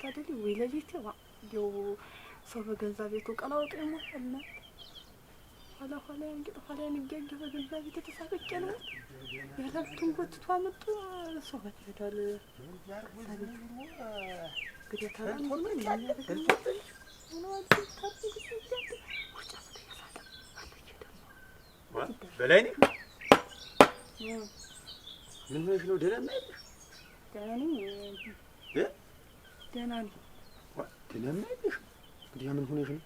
አታድሪ ወይ ለቤቴ ው ሰው በገንዛ ቤቱ ቀላውጥ ሞ እናት ኋላ ኋላ እንግጥ ኋላ የሚገኘ በገንዛ ቤት ነው ያለብትን ጎትቶ አመጡ ሰው ሄዷል። ግዴታ በላይ ምን ሆነሽ ነው? ደህና ነህ? ደህና ነኝ። ደህና ነኝ። ደህና ነሽ? እንግዲያ ምን ሆነሽ ነው?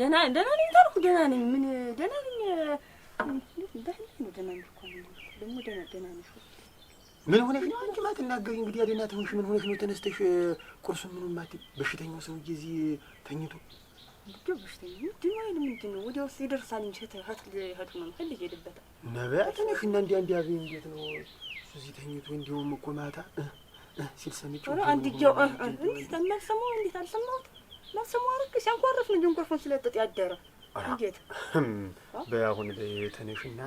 ደህና ደህና ነኝ ታልኩ ደህና ነኝ። ምን ደህና ነኝ? ባህል ነው ደህና ነሽ እኮ ደግሞ ደህና ደህና ነሽ። ምን ሆነሽ ነው አንቺ ማትናገሪ? እንግዲያ ደህና ትሆንሽ ምን ሆነሽ ነው ተነስተሽ ቁርሱን ምኑን ማት በሽተኛው ሰውዬ እዚህ ተኝቶ እንግዲህ በሽተኛ ምንድን ነው ምንድን ነው ወዲያው ውስጥ ይደርሳል እንጂ ህቱ ነው ምፈል ይሄድበታል ነበያ ትንሽ እና እንዲያ እንዲያ ቤ እንዴት ነው እዚህ ተኝቶ እንዲሁም እኮ ማታ አንድ እጃው መልሰማው ነው እንቁርፉን ስለጥጥ ያደረ። እንዴት በአሁን ተነሽና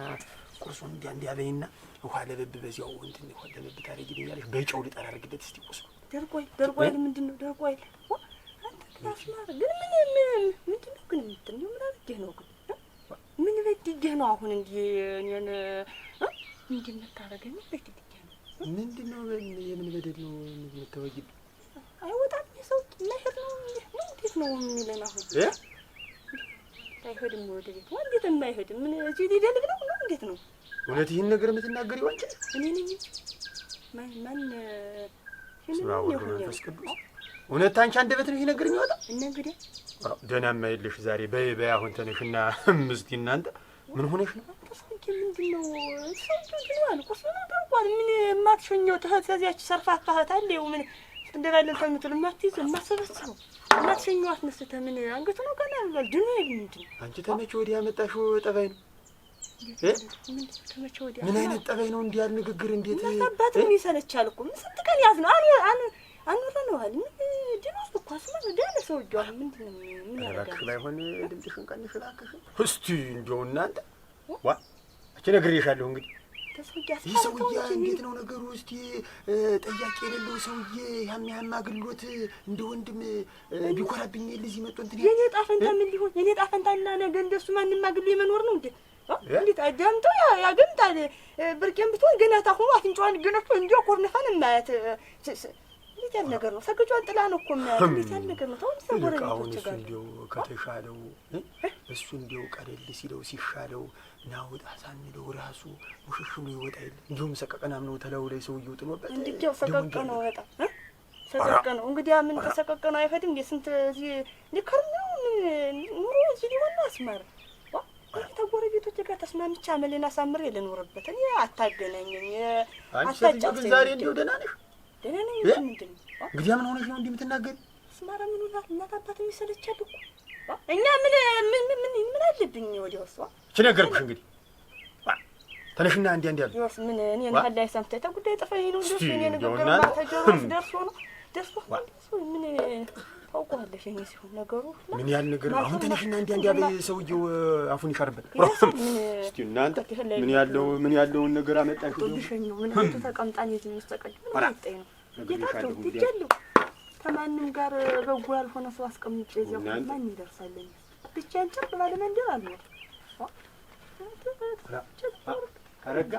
ቁርሱን እንዲያ እንዲያበይና ውሃ ለበብ በዚያው እንትን ውሃ ለበብ ታደርጊልኝ በጨው ልጠር አድርጊለት እስኪ ቁርሱ ደርቆይ ደርቆይ ምንድን ነው ደርቆይ? አንተ ክላስማር ግን ምን ምን ምንድን ነው ግን ምንድን ነው ምን አድርጌህ ነው ግን ምን በድጌህ ነው አሁን እንዲህ እኔን እንዲህ የምታደርገኝ በድጌህ ነው ምንድነው? ነው? የምን በደል ነው የምትወጊ? አይወጣም የሰው መሄድ ነው ነው። እንዴት ነው የሚለን? አሁን አይሄድም ወደ ቤት ዋ። እንዴት የማይሄድም? ምን እዚህ ሊደልግ ነው ነው? እንዴት ነው? እውነት ይህን ነገር የምትናገር ይዋንጭ? እኔ ነኝ ማን ማን መንፈስ ቅዱስ እውነት አንቺ አንደበት ነው ይሄ ነገር የሚወጣ? እና እንግዲህ ደህና የማይልሽ ዛሬ። በይ በይ አሁን ተነሽና ምስቲ እናንተ ምን ሆነሽ ነው? ምንድን ነው ሰንቱን ቁስ ምን ደርጓል? ምን የማትሸኘው ትህት እዚያች ሰርፋፋ እህት አለው ምን እንደባለን ተምትል የማትይዝ የማትሰበስበው የማትሸኘው አስነስተህ ምን አንገቱ ነው ገና ብሏል። ድኖ ይል ምንድን ነው አንቺ ተመቼ ወዲህ ያመጣሽው ጠባይ ነው። ምን አይነት ጠባይ ነው? እንዲህ ንግግር እንዴት አባትም ይሰለቻል እኮ ምን ስንት ቀን ያዝ ነው አኑረነዋል። ምን ድኖስ እኮ አስመ ደህና ሰው እጇል ምንድን ነው ምን ያረጋል? እባክሽ ባይሆን ድምፅሽን ቀንሽ እባክሽን። እስቲ እንዲያው እናንተ ዋ እነግርሻለሁ እንግዲህ ይህ ሰውዬ እንዴት ነው ነገሩ? እስቲ ጠያቂ የሌለው ሰውዬ ያም ያም አግሎት እንደ ወንድም ቢኮራብኝ ለዚህ መጡ እንትን የኔ ጣፈንታ ምን ሊሆን የኔ ዕጣ ፈንታና ነገ እንደሱ ማንም አግሎ የመኖር ነው እንዴ? እንዴት አዳምጦ ያገምታል። ብርቄን ብትሆን ገና ታሁኑ አፍንጫዋን ገነቶ እንዲያው ኮርነፋን የማያት እንዴት ያለ ነገር ነው? ሰገጇን ጥላ ነው እኮ የማያት። እንዴት ያለ ነገር ነው? ታሁን ሰጎረ ነው እሱ እንዲው ከተሻለው እሱ እንዲው ቀለል ሲለው ሲሻለው ናውጣ ሳሚለው ራሱ ውሽሽ ብሎ ይወጣ የለ እንዲሁም ሰቀቀና ምነው ተለው ላይ ሰውዬው ጥሎበት እንዲያው ሰቀቀ ነው ወጣ ሰቀቀ ነው እንግዲህ ምን ተሰቀቀ ነው አይፈድም የስንት እዚህ ሊከር ነው ኑሮ እዚህ ሊሆን አስመረ ተጎረቤቶች ጋር ተስማምቼ አመሌን አሳምሬ ልኖርበት እኔ አታገናኘኝ አታጫጭ ዛሬ እንዲሁ ደህና ነሽ ደህና ነኝ ምንድን ነው እንግዲህ ምን ሆነሽ ነው እንዲህ የምትናገሪ አስማራ ምን ሆናል እናት አባት የሚሰለቻል እኮ እኛ ምን ምን ምን ምን አለብኝ ወዲያውስ እሷ ነገርኩሽ እንግዲህ ተነሽና እንዲ እንዲ ምን እኔን ተጉዳይ ነው እኔ ንግግር ደርሶ ነው ደርሶ ምን ታውቀዋለሽ። እኔ ሲሆን ነገሩ ምን ያህል ነገር አሁን ተነሽና እንዲ እንዲ ያለ ሰውዬው አፉን ይሻርበት። እናንተ ምን ያለው ምን ያለውን ነገር አመጣሽ ምን አንተ ተቀምጣን የዚህ መስተቀል ወጣይ ነው ጌታቸው ከማንም ጋር በጎ ያልሆነ ሰው አስቀምጬ እዚያ ማን ይደርሳለኝ ብቻ እንጨርቅ ባለመንደር አልኖር አረጋ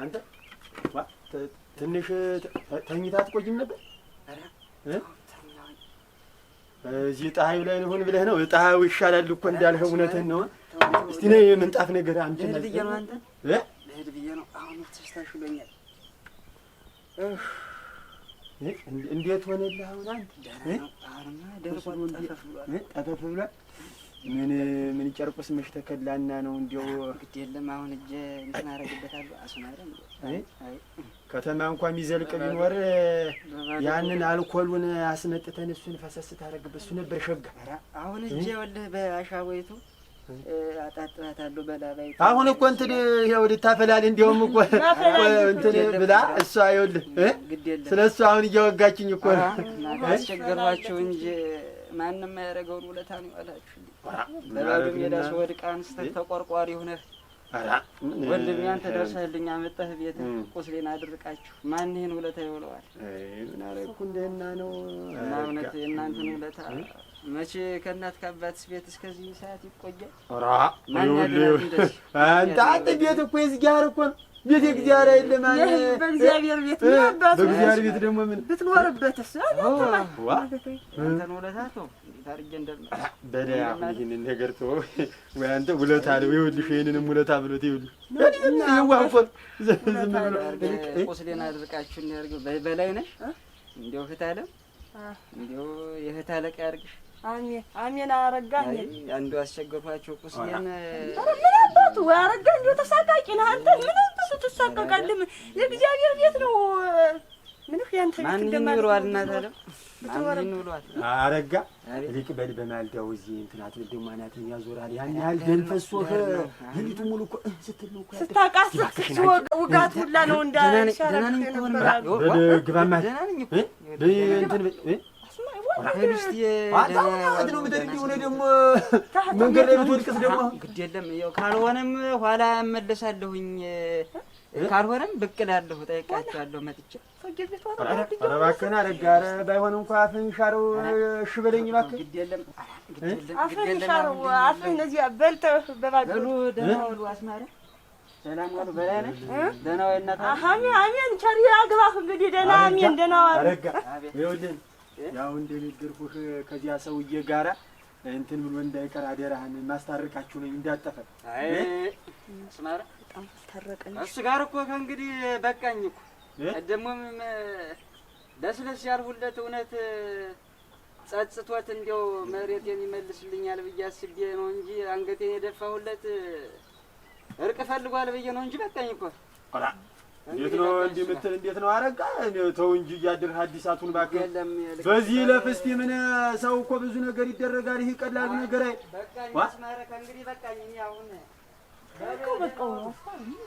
አንተ ትንሽ ተኝታ አትቆይም ነበር? እዚህ ፀሐዩ ላይ ልሆን ብለህ ነው? ፀሐዩ ይሻላል እኮ እንዳልኸው እውነትህን ነው። እስቲ ነይ የምንጣፍ ነገር አምጪ። ልሄድ ብዬሽ ነው። አንተ ልሄድ ብዬሽ ነው። አሁን ተሽሎኛል። እንዴት ሆነልህ አሁን? አንተ ደህና ነው። አሁንማ ደርቆ ጠፈፍ ብሏል። ምን ምን ጨርቁስ መሽ ተከላና ነው እንዲያው ግድ የለም አሁን እጄ እንትን አደርግበታለሁ። አሱን አይደል አይ ከተማ እንኳን የሚዘልቅ ቢኖር ያንን አልኮሉን አስመጥተን እሱን ፈሰስ ታደርግበት እሱ ነበር ሸጋ። አሁን እጄ ወልህ በአሻወይቱ አጣጥባታለሁ በላባይ አሁን እኮ እንትን ይኸው ልታፈላል እንዲያውም እኮ እንትን ብላ እሷ ይኸውልህ ስለ እሱ አሁን እያወጋችኝ እኮ አስቸገሯቸው እንጂ ማንም ያደረገውን ውለታ ነው ያላችሁ በባዶ ሜዳ ስወድቅ አንስተህ ተቆርቋሪ ሁነህ ወንድሜ አንተ ደርሰህልኝ አመጣህ ቤትህ ቁስሌን አድርቃችሁ ማን ይህን ውለታ ይውለዋል? ምን አደረኩ እንደህና ነው እና እውነት የእናንተን ውለታ መቼ ከእናት ከአባትስ ቤት እስከዚህ ሰዓት ይቆያል? አንተ አንተ ቤት እኮ የዚህ ጋር እኮ ነው ቤት እግዚአብሔር አይደለም። በእግዚአብሔር ቤት በእግዚአብሔር ቤት ደግሞ ምን ብትኖርበትስ አንተን ውለታ ተው በደያ ይህንን ነገር ተወው። ወይ አንተ ውለታ ነው። ይኸውልሽ ይህንንም ውለታ ብሎት ይኸውልሽ ዋንፎል ቁስሌን አድርቃችሁ ያርገው በላይ ነሽ እንዲያው እህት አለም እንዲያው የእህት አለቃ ያርግሽ። አሜን አሜን። አረጋ አንዱ አስቸገርኳቸው ቁስሌን። ምን አባቱ አረጋ እንዲያው ተሳቃቂ ነህ አንተ። ምን ብዙ ትሳቀቃለህ? የእግዚአብሔር ቤት ነው። ምንህ ያንተ ቤት እንደማለት ነው። አረጋ ሊቅ በል በማልዳው እዚህ እንትን አትልደው ያዞራል። ያን ያህል ደም ፈሶህ ሌሊቱ ሙሉ እኮ ውጋት ሁላ ነው እንዳሻረግግባማትነውምደሆነ መንገድ ላይ ብትወድቅስ ደግሞ ግድ የለም ካልሆነም ኋላ እመለሳለሁኝ ካልሆነም ብቅ እላለሁ፣ እጠይቃቸዋለሁ መጥቼ። ኧረ እባክህን አረጋ፣ ኧረ ባይሆን እንኳ አፍህን ሻረው። እሺ በለኝ እባክህ። አፍህን ሻረው፣ አፍህን እዚያ በልተህ በባዶ ደህና ዋሉ አስማረ፣ ሰላም ዋሉ። በላይ ነሽ? ደህና ወይ እናት? አሜን አሜን። ቸር አግባህ እንግዲህ። ደህና አሜን። ደህና ዋሉ። አረጋ፣ ይኸውልህ ያው እንደነገርኩህ ከዚያ ሰውዬ ጋራ እንትን ብሎ እንዳይቀር አደራህን። ማስታርቃችሁ ነኝ እንዳጠፈ አስማራ በጣም ታረቀኝ። እሱ ጋር እኮ ከእንግዲህ በቃኝ እኮ ደግሞም ለስለስ ያልሁለት እውነት ጸጽቶት እንዲያው መሬቴን ይመልስልኛል ብዬ አስቤ ነው እንጂ አንገቴን የደፋሁለት እርቅ ፈልጓል ብዬ ነው እንጂ በቃኝ እኮ። እንዴት ነው እንዲህ የምትል? እንዴት ነው አረጋ? ተው እንጂ እያድርህ አዲሳቱን እባክህ። በዚህ ለፍ ምን ሰው እኮ ብዙ ነገር ይደረጋል። ይህ ቀላል ነገር አይ በቃኝ። ማረካ እንግዲህ በቃኝ አሁን ተዘጋው በቃው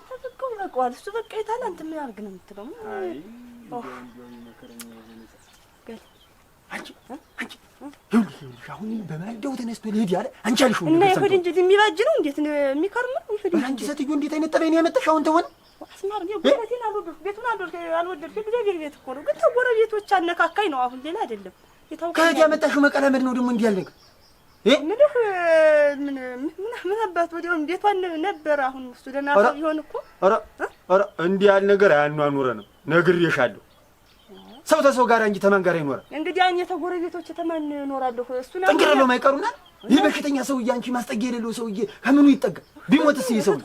ተዘጋው ለቀዋል። እሱ በቃ የታላንት ምን ያርግ ነው የምትለው? አይ አሁን በማልደው ተነስቶ ልሂድ ያለ አንቺ አልሽው እና ይሁድ እንጂ የሚባጅ ነው። እንዴት የሚከርም ነው ይሁድ አንቺ ሴትዮ እንዴት አይነት ጠበይ ነው ያመጣሽ? አሁን ተሆነ አስማር ነው ቤቱን አልወደድኩ ቤቱን አልወደድኩ እግዚአብሔር ቤት እኮ ነው፣ ግን ተጎረቤቶች አነካካኝ ነው። አሁን ሌላ አይደለም። ከዚህ ያመጣሽው መቀለመድ ነው ደግሞ እንዲህ ምልህ ምን አባት ወዲያው እንዴት ነበር። አሁን እሱ ደህና ሰው ቢሆን እኮ ኧረ ኧረ እንዲህ ነገር አያኗኑረንም። ነግሬሻለሁ ሰው ተሰው ጋር እንጂ ተማን ጋር እንግዲህ ተማን እኖራለሁ እሱ ነው ማይቀሩና ይህ በሽተኛ ሰውዬ አንቺ ማስጠጊያ የሌለው ሰውዬ ከምኑ ይጠጋ ቢሞትስ ሰው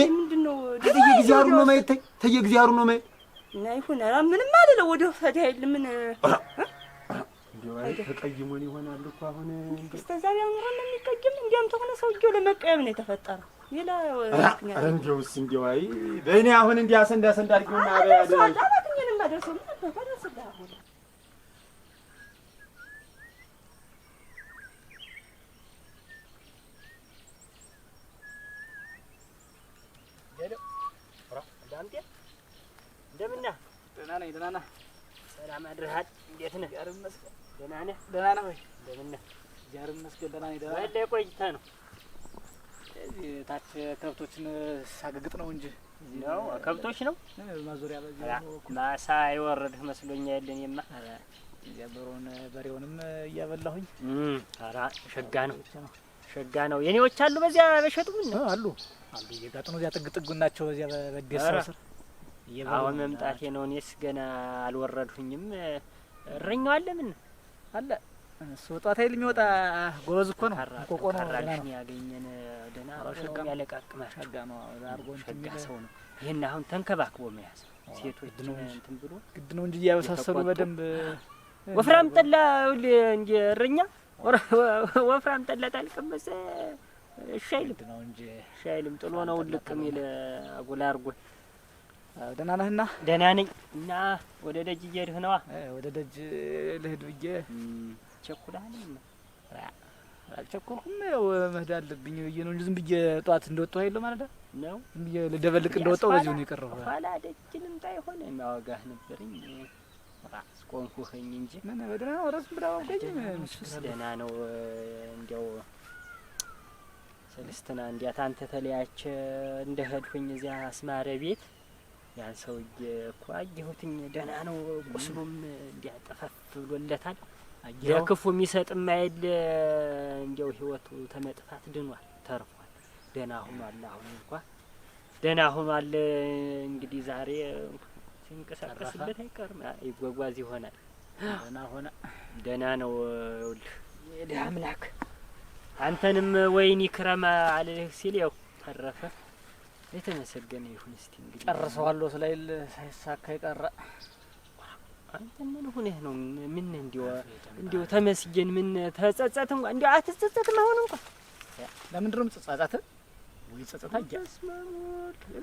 ምንድነው? ነው ማየት ነው ማየት ይሁን ምንም አልለው ወዲያው ምን ተቀይሞን ይሆናል እኮ አሁን እስከ ዛሬ ኑሮ እንደሚቀይም እንዲያም ተሆነ ሰውዬው ለመቀየም ነው የተፈጠረው። ሌላ እንደውስ እንዲያው አይ በእኔ አሁን እንዲያሰ እንዳሰ እንዳድርገውና አላትኝንም አደርሰው ምን ነበር አሁን እንደምን ነህ? ደህና ነኝ። ደህና ነህ? ሰላም አድርሃል? እንዴት ነህ? ደህና ነህ? ደህና ነህ ወይ? እንደምን ነህ? እግዚአብሔር ይመስገን ደህና ነኝ። ደህና ነህ? ቆይተህ ነው? እዚህ ታች ከብቶችን ሳገግጥ ነው እንጂ ነው። ከብቶች ነው ማዞሪያ ማሳ የወረድህ መስሎኛ ያለን የማ በሮን በሬውንም እያበላሁኝ ኧረ ሸጋ ነው ሸጋ ነው። የኔዎች አሉ በዚያ በሸጥኩኝ አሉ አሉ እየጋጥኑ እዚያ ጥግ ጥጉን ናቸው። በዚያ በደስ ስር አሁን መምጣቴ ነው። እኔስ ገና አልወረድሁኝም። እረኛው አለ ምን አለ እሱ ጧት ኃይል የሚወጣ ጎበዝ እኮ ነው። ቆቆ ነው ራሽን ያገኘን ደህና ነው ያለቃቅማል። ሸጋ ነው አርጎ ሸጋ ሰው ነው። ይህን አሁን ተንከባክቦ መያዝ ሴቶች ነው እንትን ብሎ ግድ ነው እንጂ እያበሳሰሉ በደንብ ወፍራም ጠላ እንጂ እረኛ ወፍራም ጠላ ታልቀመሰ እሺ አይልም ነው እንጂ እሺ አይልም ጥሎ ነው ልቅም ይለ አጎላ አርጎ ደህና ነህና? ደህና ነኝ። እና ወደ ደጅ እየሄድህ ነዋ? ወደ ደጅ ልሂድ ብዬ ቸኩላል። አልቸኩልኩም፣ ያው መሄድ አለብኝ ብዬ ነው እንጂ ዝም ብዬ ጠዋት እንደወጣሁ የለው ማለት ነው። ዝም ብዬ ልደበልቅ እንደወጣሁ በዚሁ ነው የቀረሁ። ኋላ ደጅ ልምጣ የሆነ ማወጋህ ነበርኝ አስቆንኩህኝ እንጂ ምን በደህና ነው። እረፍት ብላ ወገኝ ደህና ነው። እንዲያው ሰለስትና እንዲያት አንተ ተለያቸ እንደሄድኩኝ እዚያ አስማረ ቤት ያን ሰውዬ እኮ አየሁትኝ ደህና ነው። ቁስሉም እንዲያ ብሎለታል። ለክፉ የሚሰጥም አይደል እንዲያው ህይወቱ ተመጥፋት ድኗል፣ ተርፏል፣ ደህና ሆኗል። አሁን እንኳ ደህና ሆኗል። እንግዲህ ዛሬ ሲንቀሳቀስበት አይቀርም ይጓጓዝ ይሆናል። ደህና ሆነ፣ ደህና ነው። ይኸውልህ የድሀ አምላክ አንተንም ወይኒ ክረማ አልልህ ሲል ያው ተረፈ የተመሰገነ ይሁን። እስቲ እንግዲህ ጨርሰዋለሁ ስላይል ሳይሳካ የቀረ አንተ ምን ሆነህ ነው? ምን እንዲው እንዲው ተመስገን ምን ተጸጸት እንኳ እንዲው አትጸጸትም? አሁን እንኳ ለምንድን ነው የምትጸጸት? ወይ ጸጸት አያ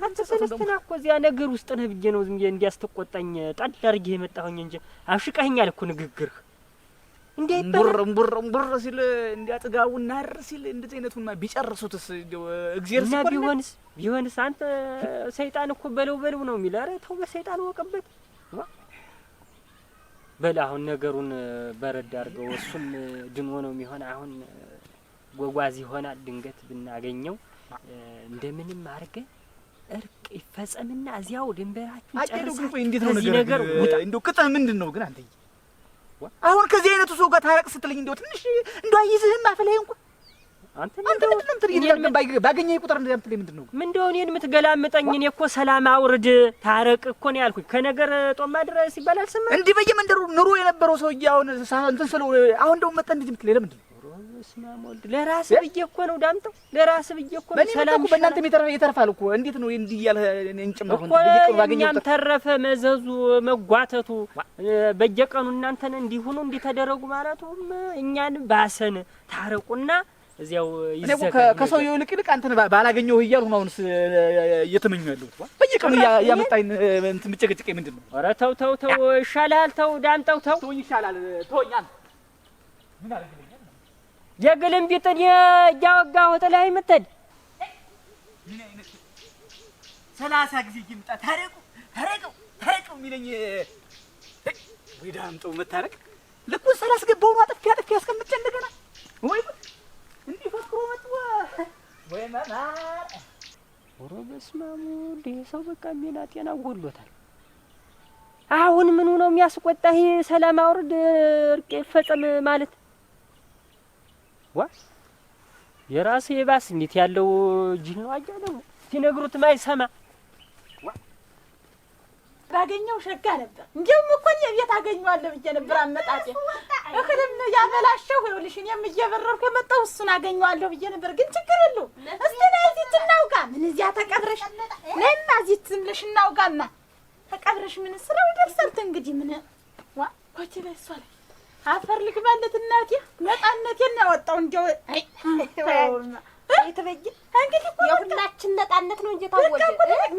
አንተ ሰለስተና እኮ እዚያ ነገር ውስጥ ነህ ብዬ ነው ዝም ብዬ እንዲያስተቆጣኝ ጣል አድርጌ የመጣሁኝ እንጂ አብሽቃኸኛል እኮ ንግግርህ እንዴ እምቡር እምቡር እምቡር ሲል እንዲያ ጥጋቡ ናር ሲል እንደዚህ አይነቱንማ ቢጨርሱትስ እግዚአብሔር እና ቢሆንስ ቢሆንስ አንተ ሰይጣን እኮ በለው በለው ነው የሚል። ኧረ ተው በሰይጣን ወቅበት በል አሁን ነገሩን በረድ አድርገው። እሱም ድኖ ነው የሚሆን አሁን ጎጓዝ ይሆናል። ድንገት ብናገኘው እንደምንም አድርገን እርቅ ይፈጸምና እዚያው ድንበራችሁ እንዴት ነው ነገር ውጣ። ቅጥህ ምንድን ነው ግን አንተዬ አሁን ከዚህ አይነቱ ሰው ጋር ታረቅ ስትለኝ እንደው ትንሽ እንደው አይዝህም አፈላይ እንኳ አንተ ምንድን ነው የምትለኝ? ባገኘ ቁጥር እንደዚህ የምትለኝ ምንድን ነው? ምን እንደው እኔን የምትገላምጠኝ? እኔ እኮ ሰላም አውርድ ታረቅ እኮ ነው ያልኩኝ። ከነገር ጦማ ድረስ ይባላል ስም እንዲህ በየመንደሩ ኑሮ የነበረው ሰውዬ አሁን እንትን ስለው አሁን እንደው መጣ እንደዚህ የምትለኝ ለምንድን ነው? ለራስ ብዬ እኮ ነው ዳምጠው፣ ለራስ ብዬ እኮ ነው። ሰላም በእናንተ ይተርፋል እኮ። እንዴት ነው እንዲህ እያለ እኮ እኛም ተረፈ መዘዙ መጓተቱ በየቀኑ እናንተን እንዲሁኑ እንዲተደረጉ ማለቱም እኛን ባሰን። ታረቁና እዚያው ከሰውየው ይልቅ ይልቅ አንተን እያልሁ አሁንስ እየተመኘሁ ያለሁት በየቀኑ እያመጣኝ እንትን ምንድን ነው? ኧረ ተው ተው ተው፣ ይሻልሃል። ተው ዳምጠው፣ ተው ተውኝ፣ ይሻልሃል ተወኛል ምን አለ የግልምቢጥን እያወጋሁት ላይ የምትሄድ ምን አይነት ሰላሳ ጊዜ ይምጣ ታረቁ ታረቁ ታረቁ የሚለኝ ወይ ዳምጠው መታረቅ ልኩን ስላስገባው ነው። አጥፊ ያጥፍ ያስቀምጬ እንደገና ወይ እንዲህ ፈክሮ መጥቶ ወይ መማር ወሮ በስመ አብ ወልድ። ሰው በቃ ሚና ጤና ጎሎታል። አሁን ምኑ ነው የሚያስቆጣ? ይሄ ሰላም አውርድ እርቅ ይፈጸም ማለት ዋስ የራሴ የባስ እንዴት ያለው ጅል ነው። አያ ደግሞ ሲነግሩት ማይሰማ ባገኘው ሸጋ ነበር። እንዲሁም እኮ እኔ ቤት አገኘዋለሁ ብዬ ነበር አመጣጤ እህልም ያበላሸው ይኸውልሽ፣ እኔም እየበረርኩ የመጣው እሱን አገኘዋለሁ ብዬ ነበር። ግን ችግር የለውም። እስቲ ነይ እዚህት እናውጋ። ምን እዚያ ተቀብረሽ ነይማ፣ እዚህት ዝም ብለሽ እናውጋማ። ተቀብረሽ ምን ስራው ደርሰርት እንግዲህ ምን ዋ ኮቺ ላይ እሷ ላይ አፈር ልግባለት እናቴ ነጣነቴን ያወጣው እንደው አይ ተበጅ እንግዲህ እኮ የሁላችን ነጣነት ነው እንጂ ታወጀ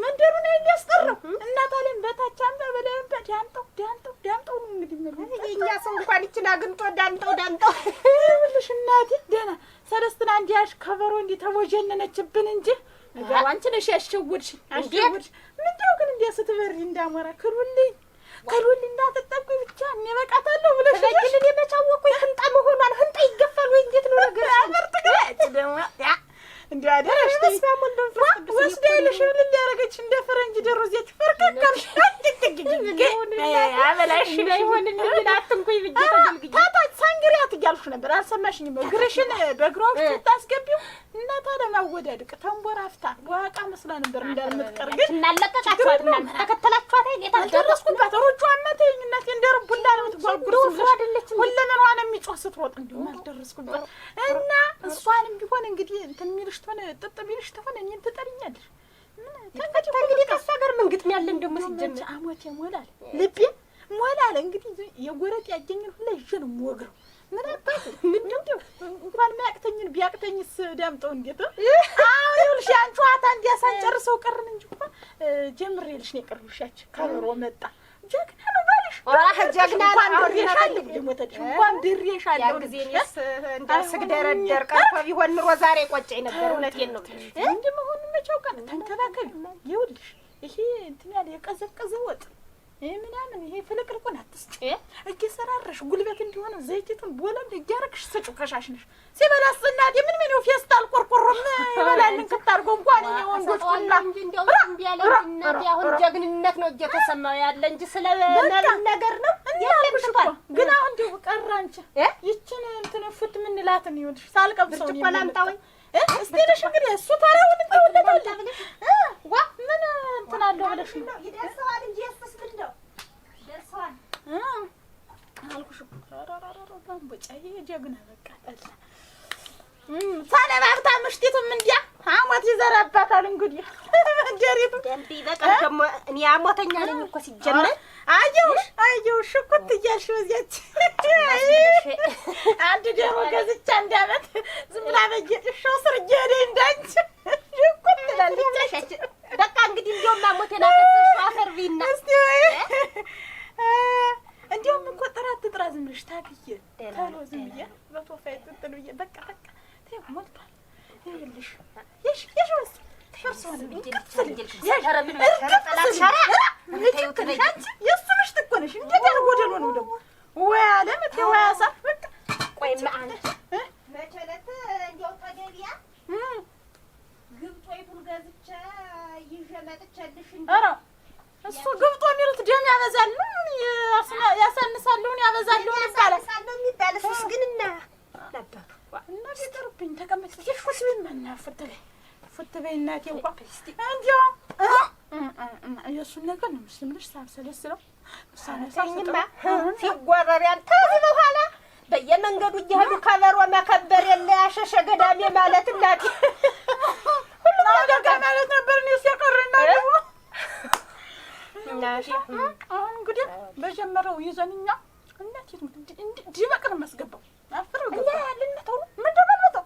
መንደሩ ነው የሚያስጠራው። እናት አለም በታች አምባ በደንብ ዳምጠው ዳምጠው ዳምጠው ነው እንግዲህ የሚሉት የእኛ ሰው እንኳን ይችላ አግኝቶ ዳምጠው ዳምጠው ይኸውልሽ እናቴ ደህና ሰለስትና አንድ ያሽ ከበሮ እንዲህ ተወጀነነችብን እንጂ ነገሩ አንቺ ነሽ ያሸወድሽ አሸወድሽ ምንድነው ግን እንዲያ ስትበሪ እንዳሞራ ክሩልኝ ከሎል እንዳጠጠብኩኝ ብቻ እኔ በቃታለሁ ብለሽ ለቅልን የመቻወኩኝ ህንጣ መሆኗን ህንጣ ይገፋል ወይ እንዴት ነው ነገር አበርት ደግሞ እንደ አደራሽ ወስዳይልሽ ምን እንዳደረገች እንደ ፈረንጅ ደሮ ዜት ፈርከካልሽ ሳንግሪያት እያልኩሽ ነበር፣ አልሰማሽኝም። እግርሽን በእግሯ ውስጥ እና ታዲያ ማወዳድቅ ተንቦራፍታ በዋቃ መስላ ነበር እንዳልምትቀር ግን እናለቀቃችኋት፣ እናንተ ተከተላችኋት። ደረስኩባት ሩጫ አመተኝ እናቴ እንደ ርቡላ ነው የምትጓጉር ሁለመናዋን የሚጮህ ስትሮጥ እንዲሁም አልደረስኩባት እና እሷንም ቢሆን እንግዲህ እንትን የሚልሽ ትሆነ ጥጥ ቢልሽ ትሆነ እኔን ትጠሪኛለሽ። እንግዲህ ከእሷ ጋር ምን ግጥም አለ? እንደውም ሲጀምር አሞቴ ሞላል፣ ልቤ ሞላል። እንግዲህ የጎረጥ ያገኘን ሁላ ይዤ ነው የምወግረው። ምን አባት ምን እንኳን ማያቅተኝን ቢያቅተኝስ ዳምጠው እንዴት አሁን ይኸውልሽ፣ ያን ጨዋታ እንዲያሳጨርሰው ቀርን እንጂ እንኳን ጀምሬልሽ ነው የቀረሁሽ። ያች ከበሮ መጣ ጀግና ነው ባልሽ። ጀግና እንኳን ስግደረደር ቀርቶ ቢሆን ኑሮ ዛሬ ቆጨኝ ነበር። እውነቴን ነው። እንዲህ መሆኑን መቼ አውቃለሁ። ተንከባከቢ። ይኸውልሽ ይሄ እንትን ያለ የቀዘቀዘ ወጥ ምናምን ይሄ ፍልቅልቁን አትስጭ እየሰራረሽ ጉልበት እንዲሆነ ዘይቲቱን ቦለም እያረግሽ ስጩ ከሻሽንሽ ሲበላስ እናቴ ምን ምን ፌስታል ቆርቆሮም ይበላልን ክታርጎ እንኳን እኔ ወንዶች ሁላ እንዲያለኝ አሁን ጀግንነት ነው እየተሰማው ያለ እንጂ ስለ ነገር ነው ያለሽ ግን አሁን እንዲሁ ቀረ አንቺ ይችን እንትን ፍት ምንላትን ይሁንሽ ሳልቀብሰው ነው ብርጭቆ እስቲ ነሽ እንግዲህ እሱ ተራውን እንተወለዳለ ዋ ምን እንትን አለው ብለሽ ነው አልኩሽ እኮ ቦጫዬ ጀግና በቃ ጠላ ተለባብታ ምሽጢቱም እንዲያ አሞት ይዘራባታል። እንግዲህ ጀሪቱ ደግሞ እኔ አሞተኛ ነኝ እኮ ሲጀመር አየሁሽ አየሁሽ ሽኩት እያልሽ በዚያች አንድ ደሮ ገዝቻ እንዳመት ዝም ብላ በጌጥሻው ስር ጀዴ እንዳንቺ ሽኩት ትላለች። በቃ እንግዲህ እንዲያውም አሞቴን አፈር ቢና ወይ እንዲያውም እኮ ጥራ ትጥራ ዝም ብለሽ ታክዬ ተሎ ዝም ብዬ በቶፋ ጥጥል ብዬ በቃ በቃ ተይው ሞልቷል። ይኸውልሽ የሽ የሽ ወስ የእሱ ምሽት ገዝቼ ይዤ መጥቼልሽ እንዲ እሱ ግብጦ የሚሉት ደም ያበዛል ያሳንሳለሁን ያበዛለሁን ይባላል። እሱስ ግን እና ጥሩብኝ ተቀመጭ ፍት በይ እናቴ። እንዲያው የእሱን ነገር ነው የምልሽ ሳልሰለስለው ሲጎረር ያን ተዚህ በኋላ በየመንገዱ እየሄዱ ከበሮ መከበር የለ ያሸሸ ገዳሜ ማለት እናቴ ሁሉም ነገር ጋር ማለት ነው እናቴ አሁን እንግዲህ በጀመረው ይዘንኛ እናቴ ነው የማስገባው። አፍር ልነተው ምንድን ነው የምልመተው?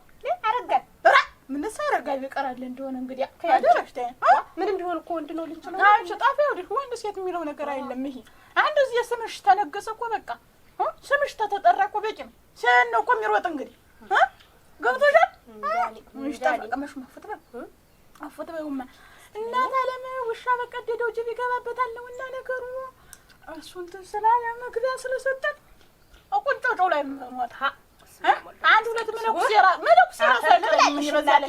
አረጋል ምንስ አረጋል ይቀራል እንደሆነ እንግዲህ አደረሽ ምንም ቢሆን እኮ ወንድ ነው ልጅ ጣፊ ወዲህ ወንድ ሴት የሚለው ነገር አይደለም። ይሄ አንዱ እዚህ ስምሽ ተነገሰ እኮ በቃ ስምሽ ተተጠራ እኮ በቂ ነው። ሴት ነው እኮ የሚሮጥ እንግዲህ ገብቶሻል። ሽጣ ቀመሽ ማፈጥበ አፈጥበ እናት አለም ውሻ በቀደደው ጅብ ይገባበታል ነው እና ነገሩ እሱን ስላለ መግቢያ ስለሰጠን ቁንጮጮው ላይ ሞታ አንድ ሁለት መነኩሴ መነኩሴ ራሳ ለምን ይበዛለ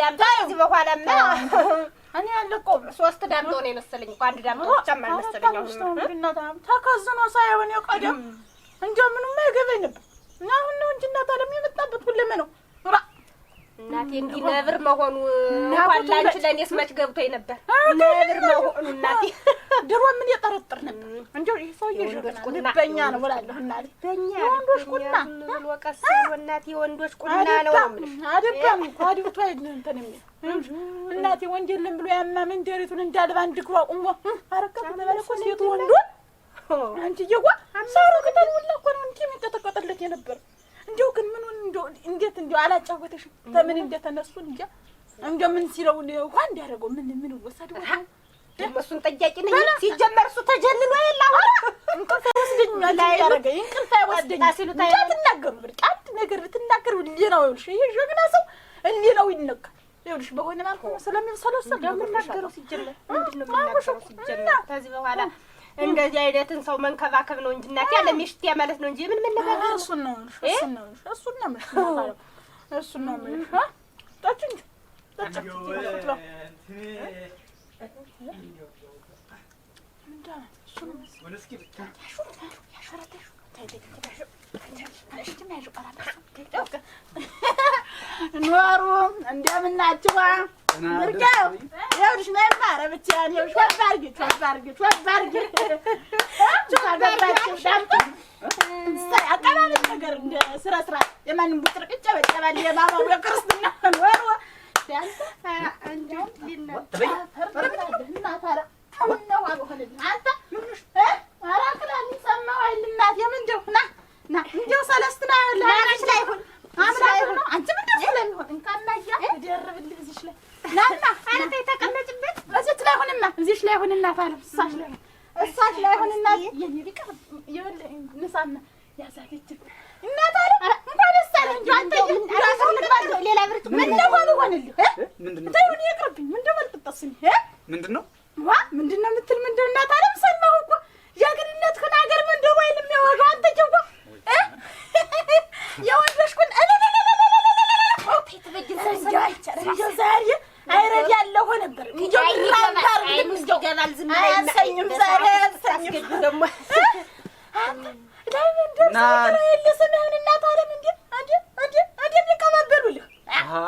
ዳምጣ እዚህ በኋላማ እኔ አልቆም ሶስት ዳምጦ ነው የመሰለኝ እኮ አንድ ዳምጦ ብቻማ አልመሰለኝ። ተከዝኖ ሳይሆን ያው ቀደም ምንም አይገባኝ አሁን ነው እንጂ እናት አለም የመጣበት ሁሌም ነው እናቴ እንዲህ ነብር መሆኑ እንኳን ለአንቺ ለእኔስ መች ገብቶኝ ነበር። ነብር መሆኑ እናቴ ድሮ ምን የጠረጥር ነበር። እንደው ይህ ሰውዬ ልበኛ ነው ብላለሁ እናቴ። የወንዶች ቁና ቀስ እናቴ፣ የወንዶች ቁና ነው አደጋም አድብቶ አይደል የሚል እናቴ። ወንድ የለም ብሎ ያማ መንደሪቱን እንዳልባ እንድግሯ ቁሞ አረቀት ነበረ እኮ ሴቱ ወንዱ አንቺ እየዋ ሰሩ ቅጠል ሁላ እኮ ነው እንዲህ የሚንቀጠቀጥለት የነበረው እንደው ግን ምኑን እንዴት እንደው አላጫወተሽም? ተምን እንደተነሱን እንጃ እንደው ምን ሲለው እንኳ እንዲያደርገው ምን ምን ወሰደው እሱን ጠያቂ ነኝ። ሲጀመር እሱ ተጀንኖ የለ አሁን እንቅልፍ አይወስደኝም ያደረገኝ እንቅልፍ አይወስደኝም ሲሉ ትናገሩ ብር አንድ ነገር ብትናገር እንዲህ ነው ይኸውልሽ፣ ይሄ ጀግና ሰው እንዲህ ነው ይነካል። ይኸውልሽ በሆነ ማለት ነው ስለሚሰለሰል ምናገረው ሲጀመር ምንድን ነው ምናገረው ሲጀመር ከዚህ በኋላ እንደዚህ አይነትን ሰው መንከባከብ ነው እንጂ እናቴ ያለ ሚሽት ማለት ነው እንጂ ምን ምን ነገር ነው? እሱ ነው እሱ ነው እሱ ነው እሱ ነው ጠጭ ነው ኖሩ እንደምን ናችሁ? ምርቃው ይኸውልሽ ነይ ማረ ብቻዬን ይኸውልሽ ወባ አድርጊ ወባ አድርጊ አቀባበል ነገር እንደ ስራ ስራ የማንም ቡጥር ቅጫ በጨባል የማማው የክርስትና ኖሩ አንተ አልፋለም እሳሽ ላይ እሳሽ ላይ ሆነና የኔ ቢቀር ይኸውልህ ንሳና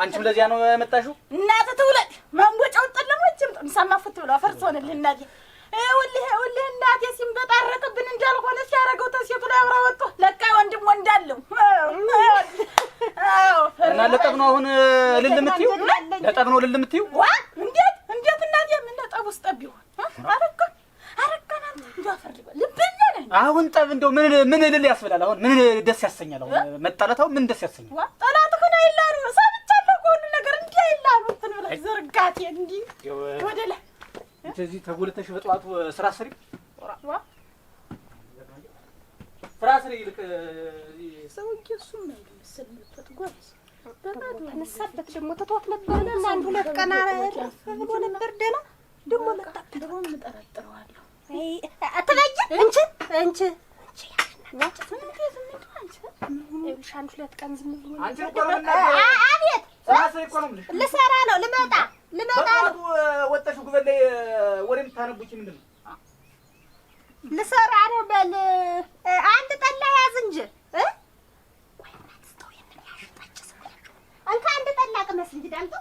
አንቺም ለዚያ ነው የመጣሽው? እናት ትውለድ መንጎጫውን ጠለሞችም ጥምሳማ ፍት ብሎ ፈርስ ሆንልህ እናቴ። ይኸውልህ ይኸውልህ እናቴ ሲንበጣረቅብን እንዳልሆነ ሲያደርገው ተሴቱ ላይ አብራ ወጥቶ ለቃ ወንድም ወንዳለው እና ለጠብ ነው አሁን ልል የምትይው ለጠብ ነው ልል የምትይው? እንዴት እንዴት እናቴ ምን ለጠብ ውስጥ ጠብ ይሆን አረካ አረካን አንተ እንዳፈርበ ልብኛ አሁን ጠብ እንደው ምን ምን ልል ያስብላል? አሁን ምን ደስ ያሰኛል? አሁን መጣላት ምን ደስ ያሰኛል? ጠላትህን አይላል እናቴ እንዲህ ወደ ላይ ተጎልተሽ በጠዋቱ ስራ ስሪ ስራ ስሪ። ይልቅ ሰውዬ እሱም አይደል መሰለኝ ጎበዝ ተነሳበት ደግሞ ተቷት ነበር። አንድ ሁለት ቀን ብሎ ነበር። ደህና ደግሞ መጣት ደግሞ እንጠረጥረዋለሁ። አንድ ሁለት ቀን ዝም ብሎ አቤት፣ ልሰራ ነው ልመጣ ልመጣ ነው። ወጣሽ ጉበል ላይ ወሬ የምታነቡት ልሰራ ነው። በል አንድ ጠላ ያዝ እንጂ እንካ አንድ ጠላ ቅመስ እንጂ ዳንተ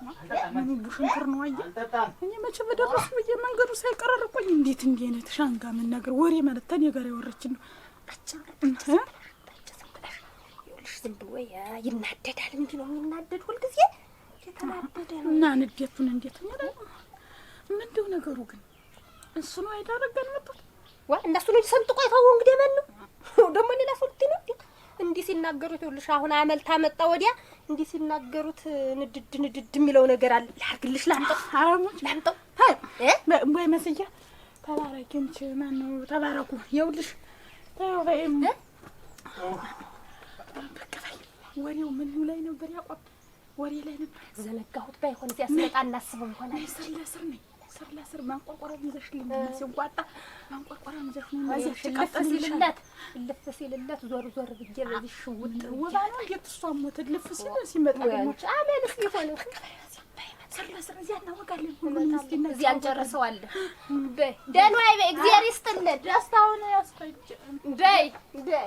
ምን ቡሽንክር ነው? አየህ እኔ መቼ በደረሱ ብዬ መንገዱ ሳይቀረር እቆኝ። እንዴት እንዲህ አይነት ሻንጋ መናገር ወሬ ማለት ተኔ ጋር ያወረችን ነው። ዝም ብሎ ይናደዳል። እንዲህ ነው የሚናደድ ሁልጊዜ እና ንዴቱን እንዴት ምንድው ነገሩ ግን እሱ ነው አይዳረገን መጡት ዋ እንደሱ ልጅ ሰንጥቆ የተወው እንግዲህ ማን ነው ደግሞ ሌላ ሰልቲ ነው እንዲህ ሲናገሩት ይኸውልሽ አሁን አመልታ መጣ ወዲያ እንዲህ ሲናገሩት ንድድ ንድድ የሚለው ነገር አለ ላርግልሽ ላምጠው አረሞች ላምጠው ላምጣው ወይ መስያ ተባረኪንች ማን ነው ተባረኩ ይኸውልሽ ወሬው ምኑ ላይ ነበር ያቋብ ወሬ ላይንም ዘነጋሁት። ባይሆን እዚያ ስመጣ እናስበው ይሆናል። ስር ለስር ነኝ፣ ስር ለስር ማንቆርቆሪያ ይዘሽልኝ ሲንቋጣ ማንቆርቆሪያ ይዘሽልኝ እልፍ ሲልለት ዞር ዞር ብዬ በዚህ ሽውጥ ውባ ነው እየተሷሙት እልፍ ሲል ሲመጣ አመንስ ይሆነው ስር ለስር እዚያ እናወጋለን። ሁሉም እዚያ እንጨርሰዋለን። ደንዋይ በይ እግዚአብሔር ይስጥልን። ደስታውን ያስፈጅ በይ በይ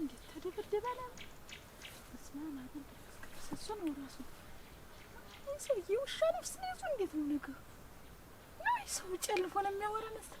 እንዴት ተደብደባ ነው? በስመ አብ እሱ ነው ራሱ ሰውዬ ውሻ ነፍስ ነው ይዞ እንዴት ነው ነገሩ? ነው ሰው ጨልፎ ነው የሚያወራ መሰለኝ።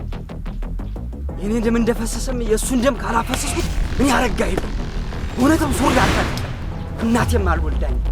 የኔ ደም እንደፈሰሰም የእሱን ደም ካላፈሰስኩት እኔ አረጋ የለም እውነትም ሱሪ አልፈልቅም እናቴም አልወልዳኝም።